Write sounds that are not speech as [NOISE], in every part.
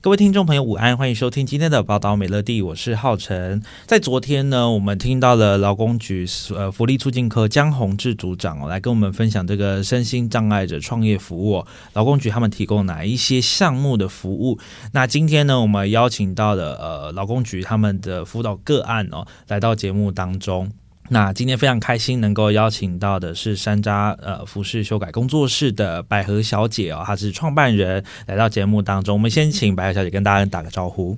各位聽眾朋友，午安！歡迎收聽今天的報道《寶島美樂地》，我是浩辰。在昨天呢，我們聽到了勞工局呃福利促進科江宏志組長哦，來跟我們分享這個身心障礙者創業服務。勞工局他們提供哪一些項目的服務？那今天呢，我們邀請到了呃勞工局他們的輔導個案哦，來到節目當中。那今天非常開心能夠邀請到的是山楂呃服飾修改工作室的百合小姐哦，她是創辦人，來到節目當中。我們先請百合小姐跟大家打個招呼。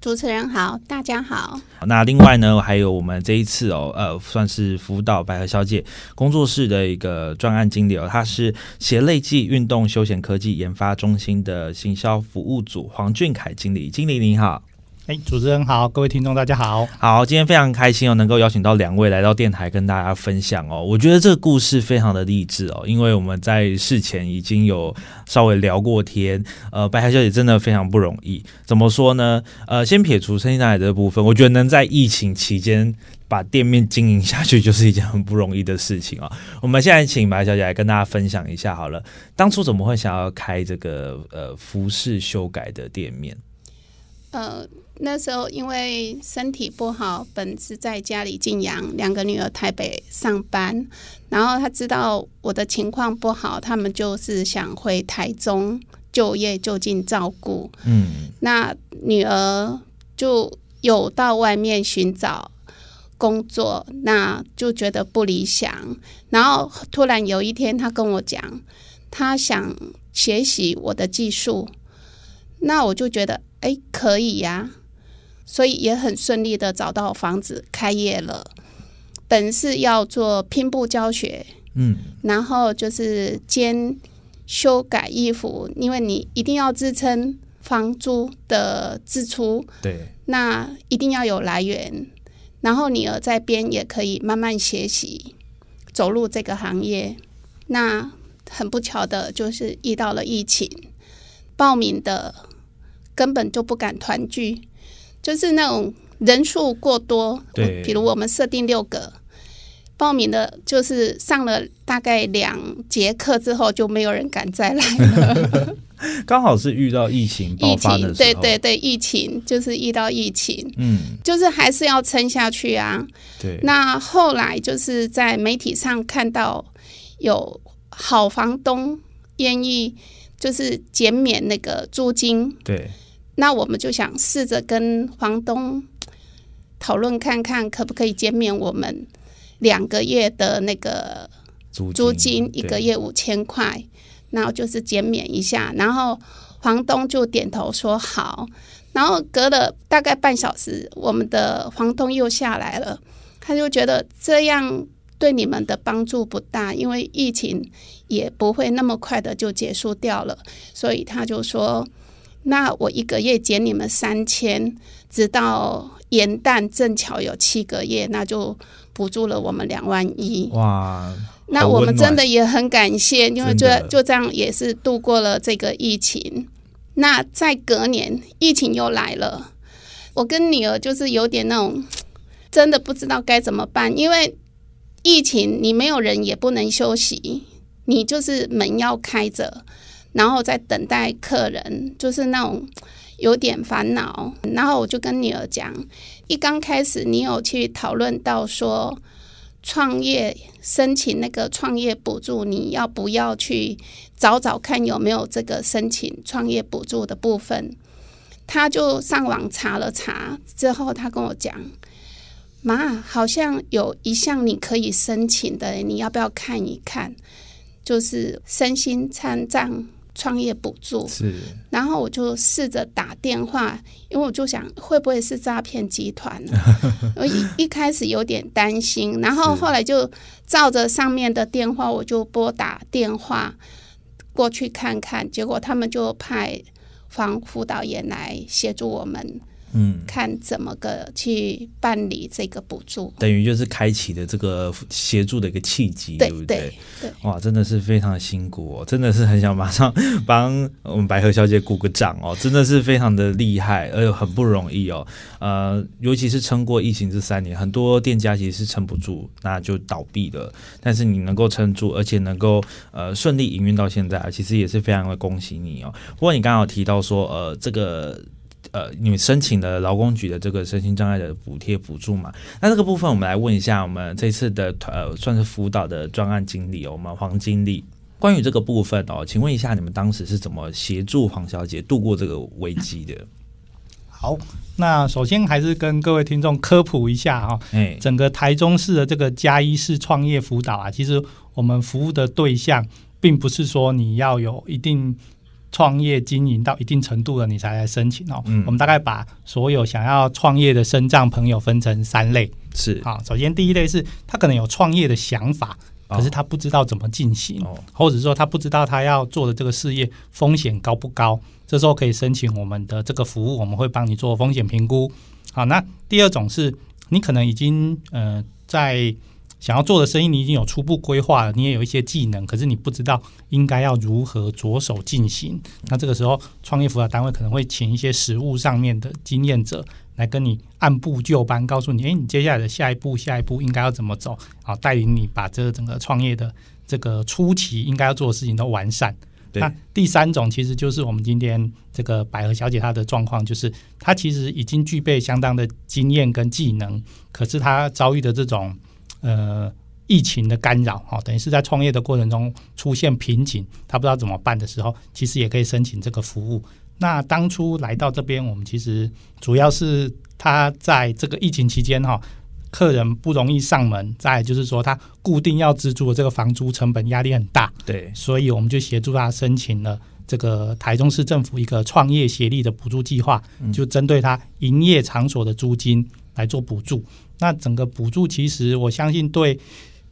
主持人好，大家好。那另外呢，還有我們這一次哦，呃，算是輔導百合小姐工作室的一個專案經理哦，他是鞋類暨運動休閒科技研發中心的行銷服務組黃俊凱經理。經理您好。哎，主持人好，各位聽眾大家好，好，今天非常開心哦，能夠邀請到兩位來到電台跟大家分享哦。我覺得這個故事非常的勵志哦，因為我們在事前已經有稍微聊過天，呃，百合小姐真的非常不容易。怎麼說呢？呃，先撇除生意難的部分，我覺得能在疫情期間把店面經營下去，就是一件很不容易的事情啊，哦。我們現在請白小姐來跟大家分享一下好了，當初怎麼會想要開這個呃服飾修改的店面？呃。那時候因為身體不好，本是在家裡靜養，兩個女兒台北上班，然後他知道我的情況不好，他們就是想回台中就業，就近照顧。嗯，那女兒就有到外面尋找工作，那就覺得不理想。然後突然有一天，她跟我講，她想學習我的技術，那我就覺得，哎、欸，可以呀、啊。所以也很順利的找到房子開業了，本是要做拼布教學，嗯，然後就是兼修改衣服，因為你一定要支撐房租的支出，對，那一定要有來源。然後女兒在邊也可以慢慢學習走入這個行業。那很不巧的就是遇到了疫情，報名的根本就不敢團聚。就是那種人數過多，對，比如我們設定六個報名的，就是上了大概兩節課之後，就沒有人敢再來了。剛 [LAUGHS] 好是遇到疫情爆發的時候。疫情，對對對，疫情就是遇到疫情，嗯，就是還是要撐下去啊。對，那後來就是在媒體上看到有好房東願意就是減免那個租金，對。那我們就想試着跟房東討論看看，可不可以減免我們兩個月的那個租金，一個月五千塊，然後就是減免一下。然後房東就點頭說好。然後隔了大概半小時，我們的房東又下來了，他就覺得這樣對你們的幫助不大，因為疫情也不會那麼快的就結束掉了，所以他就說。那我一個月減你們三千，直到元旦正巧有七個月，那就補助了我們兩萬一。哇！那我們真的也很感謝，因為就就這樣也是度過了這個疫情。那在隔年疫情又來了，我跟女兒就是有點那種真的不知道該怎麼辦，因為疫情你沒有人也不能休息，你就是門要開着。然後在等待客人，就是那種有點煩惱。然後我就跟女兒講，一剛開始你有去討論到說創業申請那個創業補助，你要不要去找找看有沒有這個申請創業補助的部分？她就上網查了查，之後她跟我講，媽，好像有一項你可以申請的，你要不要看一看？就是身心障礙。創業補助是，然後我就試着打電話，因為我就想會不會是詐騙集團啊， [LAUGHS] 我一一開始有點擔心，然後後來就照着上面的電話，我就撥打電話過去看看，結果他們就派防輔導員來協助我們。嗯，看怎麼個去辦理這個補助，等於就是開啟的這個協助的一個契機，對不對？對。哇，真的是非常的辛苦哦，真的是很想馬上幫我們百合小姐鼓個掌哦，真的是非常的厲害，而又很不容易哦。呃，尤其是撐過疫情這三年，很多店家其實是撐不住，那就倒閉了。但是你能夠撐住，而且能夠呃順利營運到現在啊，其實也是非常的恭喜你哦。不過你剛剛有提到說，呃，這個。呃，你們申請了勞工局的這個身心障礙的補貼補助嘛？那這個部分，我們來問一下我們這次的呃，算是輔導的專案經理哦，我們黃經理。關於這個部分哦，請問一下，你們當時是怎麼協助黃小姐度過這個危機的？好，那首先還是跟各位聽眾科普一下哈，哎，整個台中市的這個加一式創業輔導啊，其實我們服務的對象，並不是說你要有一定。創業經營到一定程度了，你才來申請哦、嗯。我們大概把所有想要創業的身障朋友分成三類。是啊，首先第一類是他可能有創業的想法，可是他不知道怎麼進行、哦，或者說他不知道他要做的這個事業風險高不高。這時候可以申請我們的這個服務，我們會幫你做風險評估。好，那第二種是你可能已經呃在。想要做的生意，你已經有初步規劃了，你也有一些技能，可是你不知道應該要如何着手進行。那這個時候，創業輔導單位可能會請一些實務上面的經驗者來跟你按部就班，告訴你：誒，你接下來的下一步、下一步應該要怎麼走？啊，帶領你把這個整個創業的這個初期應該要做的事情都完善。那第三種其實就是我們今天這個百合小姐她的狀況，就是她其實已經具備相當的經驗跟技能，可是她遭遇的這種。呃，疫情的干擾哈，等於是在創業的過程中出現瓶頸，他不知道怎麼辦的時候，其實也可以申請這個服務。那當初來到這邊，我們其實主要是他在這個疫情期間哈，客人不容易上門，再就是說他固定要支助的這個房租成本壓力很大，對，所以我們就協助他申請了這個台中市政府一個創業協力的補助計劃，就針對他營業場所的租金來做補助。那整個補助其實，我相信對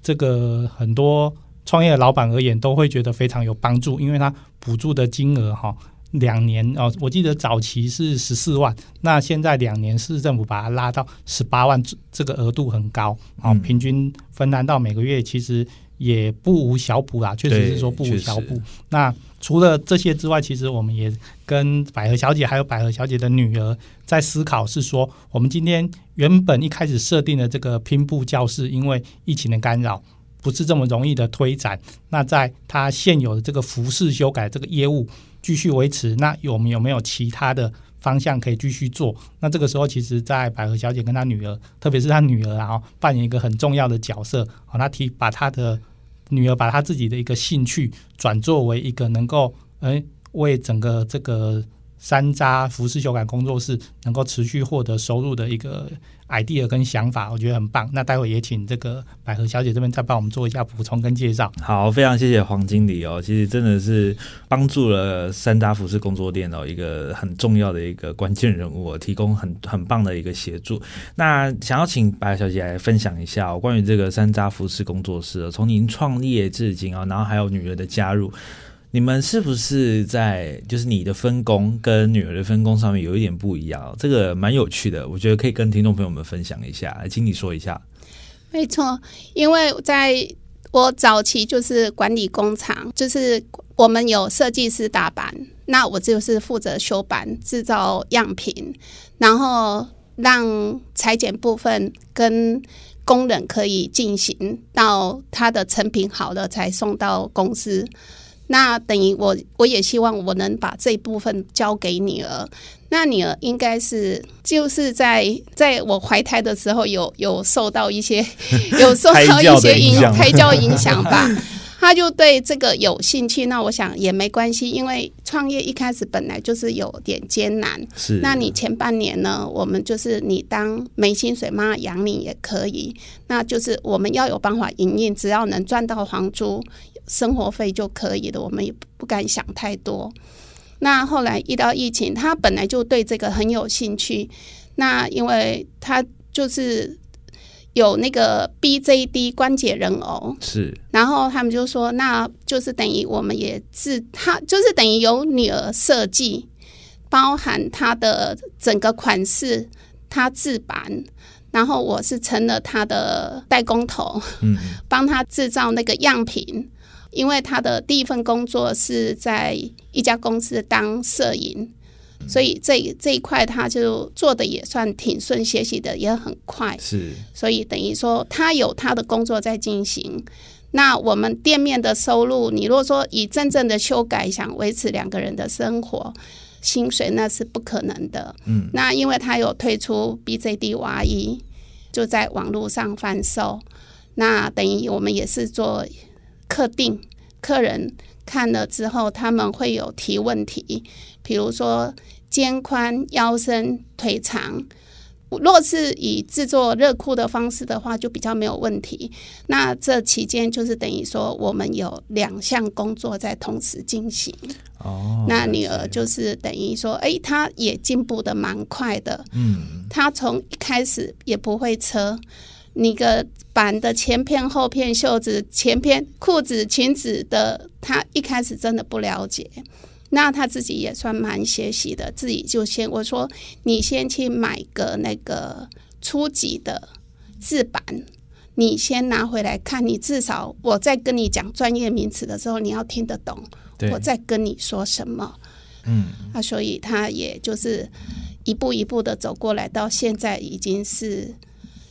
這個很多創業的老闆而言，都會覺得非常有幫助，因為它補助的金額哈，兩年哦，我記得早期是十四萬，那現在兩年市政府把它拉到十八萬，這個額度很高啊，哦，平均分擔到每個月其實，也不無小補啊，確實是說不無小補。那除了這些之外，其實我們也跟百合小姐還有百合小姐的女兒在思考，是說我們今天原本一開始設定的這個拼布教室，因為疫情的干擾，不是這麼容易的推展。那在她現有的這個服飾修改這個業務繼續維持，那我們有沒有其他的方向可以繼續做？那這個時候，其實，在百合小姐跟她女兒，特別是她女兒，啊，扮演一個很重要的角色，好、哦，那提把她的。女兒把她自己的一個興趣轉作為一個能夠，哎，為整個這個山楂服飾修改工作室能夠持續獲得收入的一個 idea 跟想法，我覺得很棒。那待會也請這個百合小姐這邊再幫我們做一下補充跟介紹。好，非常謝謝黃經理哦，其實真的是幫助了山楂服飾工作店哦，一個很重要的一個關鍵人物哦，提供很很棒的一個協助。那想要請百合小姐來分享一下哦，關於這個山楂服飾工作室哦，從您創業至今啊哦，然後還有女兒的加入。你們是不是在就是你的分工跟女兒的分工上面有一點不一樣？這個蠻有趣的，我覺得可以跟聽眾朋友們分享一下，請你說一下。沒錯，因為在我早期就是管理工廠，就是我們有設計師打板，那我就是負責修板、製造樣品，然後讓裁剪部分跟工人可以進行到它的成品好了才送到公司。那等於我，我也希望我能把這部分交給女兒。那女兒應該是就是在在我懷胎的時候有，有有受到一些有受到一些影胎 [LAUGHS] 教影響吧？ [LAUGHS] 他就對這個有興趣。那我想也沒關係，因為創業一開始本來就是有點艱難。啊、那你前半年呢？我們就是你當沒薪水媽養你也可以。那就是我們要有辦法營運，只要能賺到房租。生活費就可以的，我們也不敢想太多。那後來遇到疫情，他本來就對這個很有興趣。那因為他就是有那個 BJD 關節人偶，是。然後他們就說，那就是等於我們也自他就是等於由女兒設計，包含他的整個款式，他制版，然後我是成了他的代工頭，嗯，幫他製造那個樣品。因為他的第一份工作是在一家公司當攝影，所以這這一塊他就做的也算挺順，學習的也很快。是，所以等於說他有他的工作在進行。那我們店面的收入，你如果說以真正的修改想維持兩個人的生活薪水，那是不可能的。嗯，那因為他有推出 BJD 娃衣就在網絡上販售。那等於我們也是做。客定客人看了之後，他們會有提問題，比如說肩寬、腰身、腿長。若是以製作熱褲的方式的話，就比較沒有問題。那這期間就是等於說，我們有兩項工作在同時進行。哦，那女兒就是等於說，哦、哎，她也進步得蠻快的、嗯。她從一開始也不會車。你的版的前片、後片、袖子、前片、褲子、裙子的，他一開始真的不了解，那他自己也算蠻學習的，自己就先我說，你先去買個那個初級的字板，你先拿回來看，你至少我在跟你講專業名詞的時候，你要聽得懂，我在跟你說什麼，嗯，啊，所以他也就是一步一步的走過來，到現在已經是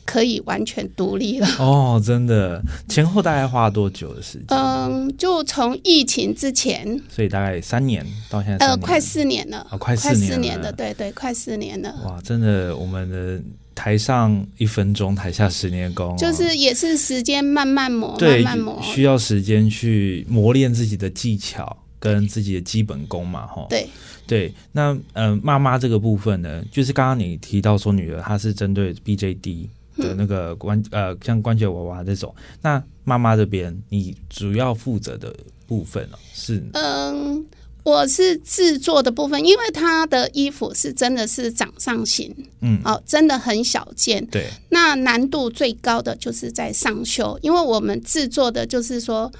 可以完全獨立了哦，真的，前後大概花了多久的時間？嗯，就從疫情之前，所以大概三年到現在，呃，快四年了，啊、哦，快快四年了，年了對，對對，快四年了。哇，真的，我們的台上一分鐘，台下十年功，就是也是時間慢慢磨、哦，慢慢磨，需要時間去磨練自己的技巧跟自己的基本功嘛，對對，那嗯，媽、呃、媽這個部分呢，就是剛剛你提到說，女兒她是針對 BJD，的那個關呃，像關節娃娃這種，那媽媽這邊你主要負責的部分哦，是呢嗯，我是製作的部分，因為她的衣服是真的是掌上型，嗯，哦，真的很小件，對。那難度最高的就是在上繡，因為我們製作的就是說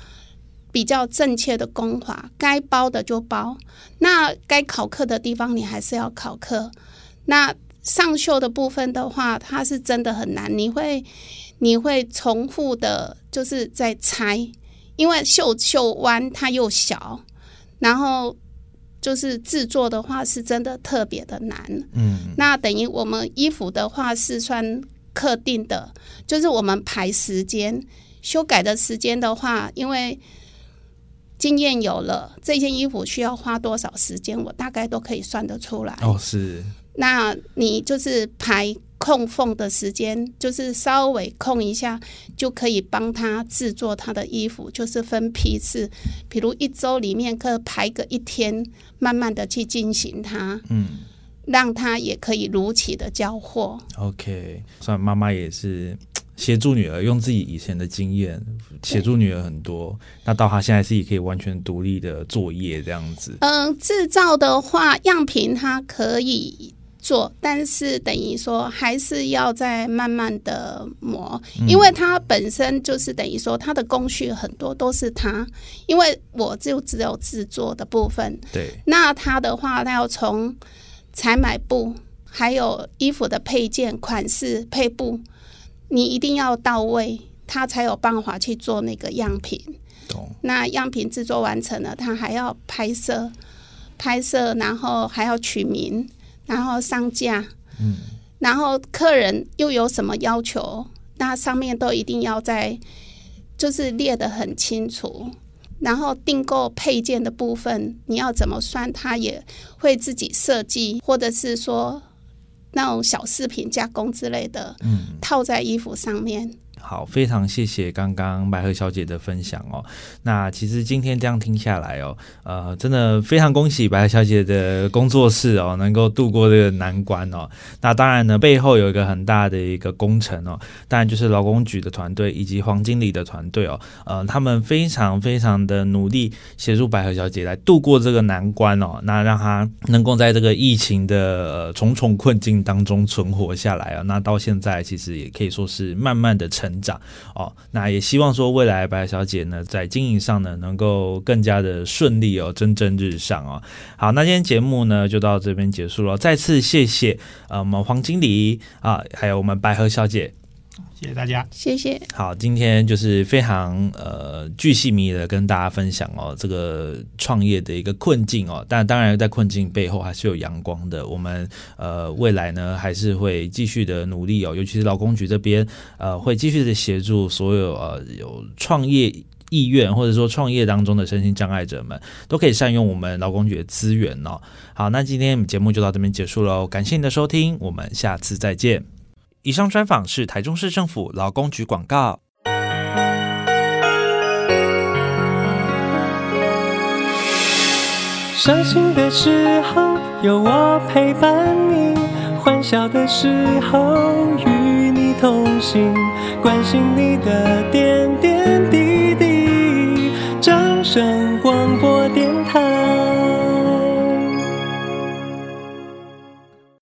比較正確的工法，該包的就包，那該拷克的地方你還是要拷克，那。上袖的部分的話，它是真的很難。你會，你會重複的，就是在拆，因為袖袖彎它又小，然後就是製作的話是真的特別的難。嗯，那等於我們衣服的話是算特定的，就是我們排時間修改的時間的話，因為經驗有了，這件衣服需要花多少時間，我大概都可以算得出來。哦，是。那你就是排空縫的時間，就是稍微空一下，就可以幫他制作他的衣服，就是分批次，比如一周裡面可以排個一天，慢慢的去進行他，嗯，讓他也可以如期的交貨。OK，算媽媽也是協助女兒，用自己以前的經驗協助女兒很多，那到她現在是可以完全獨立的作業這樣子。嗯，制造的話，樣品它可以。做，但是等於說還是要再慢慢的磨，嗯、因為它本身就是等於說它的工序很多都是它，因為我就只有製作的部分。對，那它的話它要從採買布，還有衣服的配件、款式、配布，你一定要到位，它才有辦法去做那個樣品。懂。那樣品制作完成了，它還要拍攝，拍攝，然後還要取名。然後上架，嗯，然後客人又有什麼要求，那上面都一定要在，就是列得很清楚。然後訂購配件的部分，你要怎麼算，他也會自己設計，或者是說那種小飾品加工之類的，嗯，套在衣服上面。好，非常謝謝剛剛百合小姐的分享哦。那其實今天這樣聽下來哦，呃，真的非常恭喜百合小姐的工作室哦，能夠度過這個難關哦。那當然呢，背後有一個很大的一個工程哦，當然就是勞工局的團隊以及黃經理的團隊哦，呃，他們非常非常的努力協助百合小姐來度過這個難關哦。那讓她能夠在這個疫情的，呃，重重困境當中存活下來哦，那到現在其實也可以說是慢慢的成。成長哦，那也希望說未來白小姐呢，在經營上呢，能夠更加的順利哦，蒸蒸日上哦。好，那今天節目呢，就到這邊結束了。再次謝謝啊、呃，我們黃經理啊，還有我們百合小姐。謝謝大家，謝謝。好，今天就是非常呃，巨細靡遺的跟大家分享哦，這個創業的一個困境哦。但當然在困境背後還是有陽光的。我們呃未來呢還是會繼續的努力哦，尤其是勞工局這邊呃會繼續的協助所有呃有創業意願或者說創業當中的身心障礙者們，都可以善用我們勞工局的資源哦。好，那今天節目就到這邊結束嘍，感謝你的收聽，我們下次再見。以上專訪是台中市政府勞工局廣告。傷心的時候有我陪伴你，歡笑的時候與你同行，關心你的點滴。